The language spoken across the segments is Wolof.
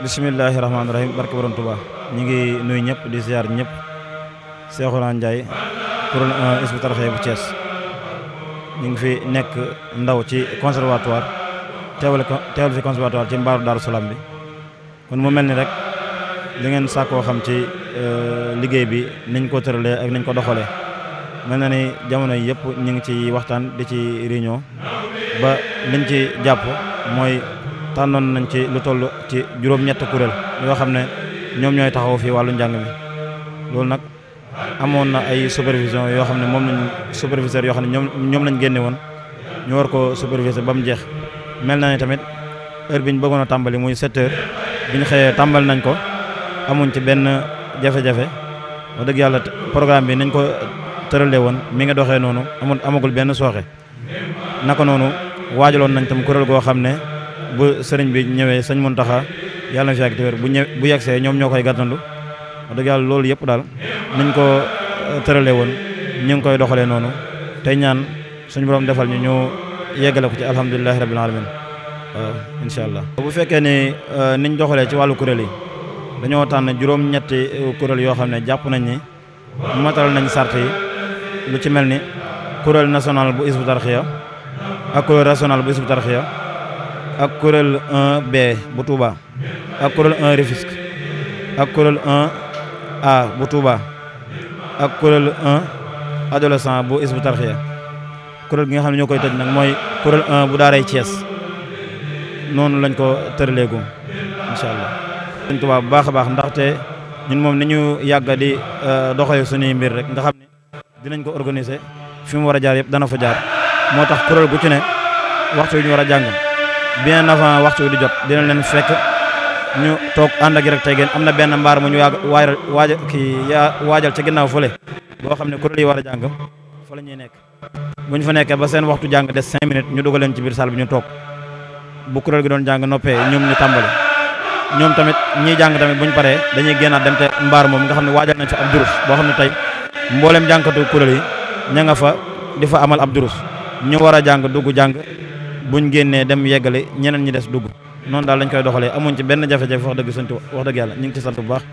bismillaahi rahmaani rahiim barke borom Tuuba ñu ngi nuyu ñëpp di ziar ñëpp Seexuna Njaay kuréel euh, Hizbut Tarqiyyah bu Thiès ñu ngi fi nekk ndaw ci conservatoire teewal teewal fi conservatoire ci mbaaru Daaru Salaam bi kon mu mel ni rek li ngeen sàkkoo xam ci euh, liggéey bi niñ ko tëralee ak niñ ko doxalee mel na ni jamono yi yëpp ñu ngi ci waxtaan di ci réunion ba liñ ci jàpp mooy tànnoon nañ ci lu toll ci juróom-ñett kuréel yoo xam ne ñoom ñooy taxawu fii wàllu njàng mi loolu nag amoon na ay supervision yoo xam ne moom lañ superviseur yoo xam ne ñoom ñoom lañ génne woon ñu war ko superviser ba mu jeex mel na ni tamit heure bi ñu bëggoon a tàmbali muy 7 bi ñu xëyee tàmbali nañ ko amuñ ci benn jafe-jafe wax dëgg yàlla programme bi nañ ko tëralee woon mi nga doxee noonu amul amagul benn sooxe naka noonu waajaloon nañ tam kuréel goo xam ne bu sëriñ bi ñëwee sëñ Muntaxa yàlla na fi yàgg te bu ñëw bu yegsee ñoom ñoo koy gàttandu wax dëgg yàlla loolu yëpp daal nañ ko euh, tëralee woon ñu ngi koy doxalee noonu tey ñaan suñ borom defal ñu ñu yeggale ko ci alhamdulilahi rabbil alamin waaw incha allah bu fekkee ni euh, niñ doxalee ci wàllu kuréel yi dañoo tànn juróom-ñetti euh, kuréel yoo xam ne jàpp nañ ni matal nañ sart yi lu ci mel ni kuréel national bu isbu tarxiya ak kuréel régional bu isbu tarxiya ak kuréel 1B bu Touba ak kuréel 1 Rufisque ak kuréel 1A bu Touba ak kuréel 1 adolescent bu isbu tarxiya kuréel gi nga xam ne ñoo koy tëj nag mooy kuréel 1 bu daaray Thiès noonu lañ ko tëraleegu incha allah Sëriñ Tuubaa bu baax a baax ndaxte ñun moom ni ñu yàgg di euh, doxee suñuy mbir rek nga xam ne dinañ ko organiser fi mu war a jaar yëpp dana fa jaar moo tax kuréel gu ci ne waxtu wi ñu war a jàng bien avant waxtu wi di jot dina leen fekk ñu toog ànd ak rek tey am na benn mbaar mu ñu waaj waaj kii yaa waajal ca ginnaaw fële boo xam ne kuréel yi war a jàng fa la ñuy nekk bu ñu fa nekkee ba seen waxtu jàng des cinq minutes ñu dugal leen ci biir salle bi ñu toog bu kuréel gi doon jàng noppee ñoom ñu tàmbali ñoom tamit ñiy jàng tamit bu ñu paree dañuy génnaat dem te mbaar moom nga xam ne waajal nañ fa ab durus boo xam ne tey mbooleem jànkatu kuréel yi ña nga fa di fa amal ab durus ñu war a jàng dugg jàng ñu génnee dem yeggale ñeneen ñi des dugg noonu daal lañ koy doxalee amuñ ci benn jafe-jafe wax dëgg sant wax dëgg yàlla ñu ngi ci sant bu baax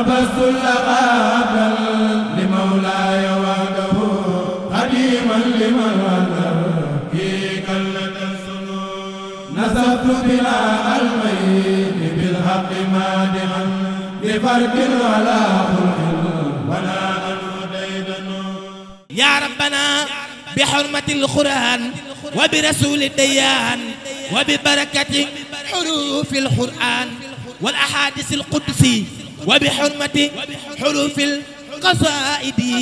نبذت اللقاب لمولاي وحده قديما لمن هدر في كلة السنون نسبت بلا الميت بالحق مادحا بفرق على خلق ولا يا ربنا بحرمة القرآن وبرسول الديان وببركة حروف القرآن والأحاديث القدسي وبحرمة حروف القصائد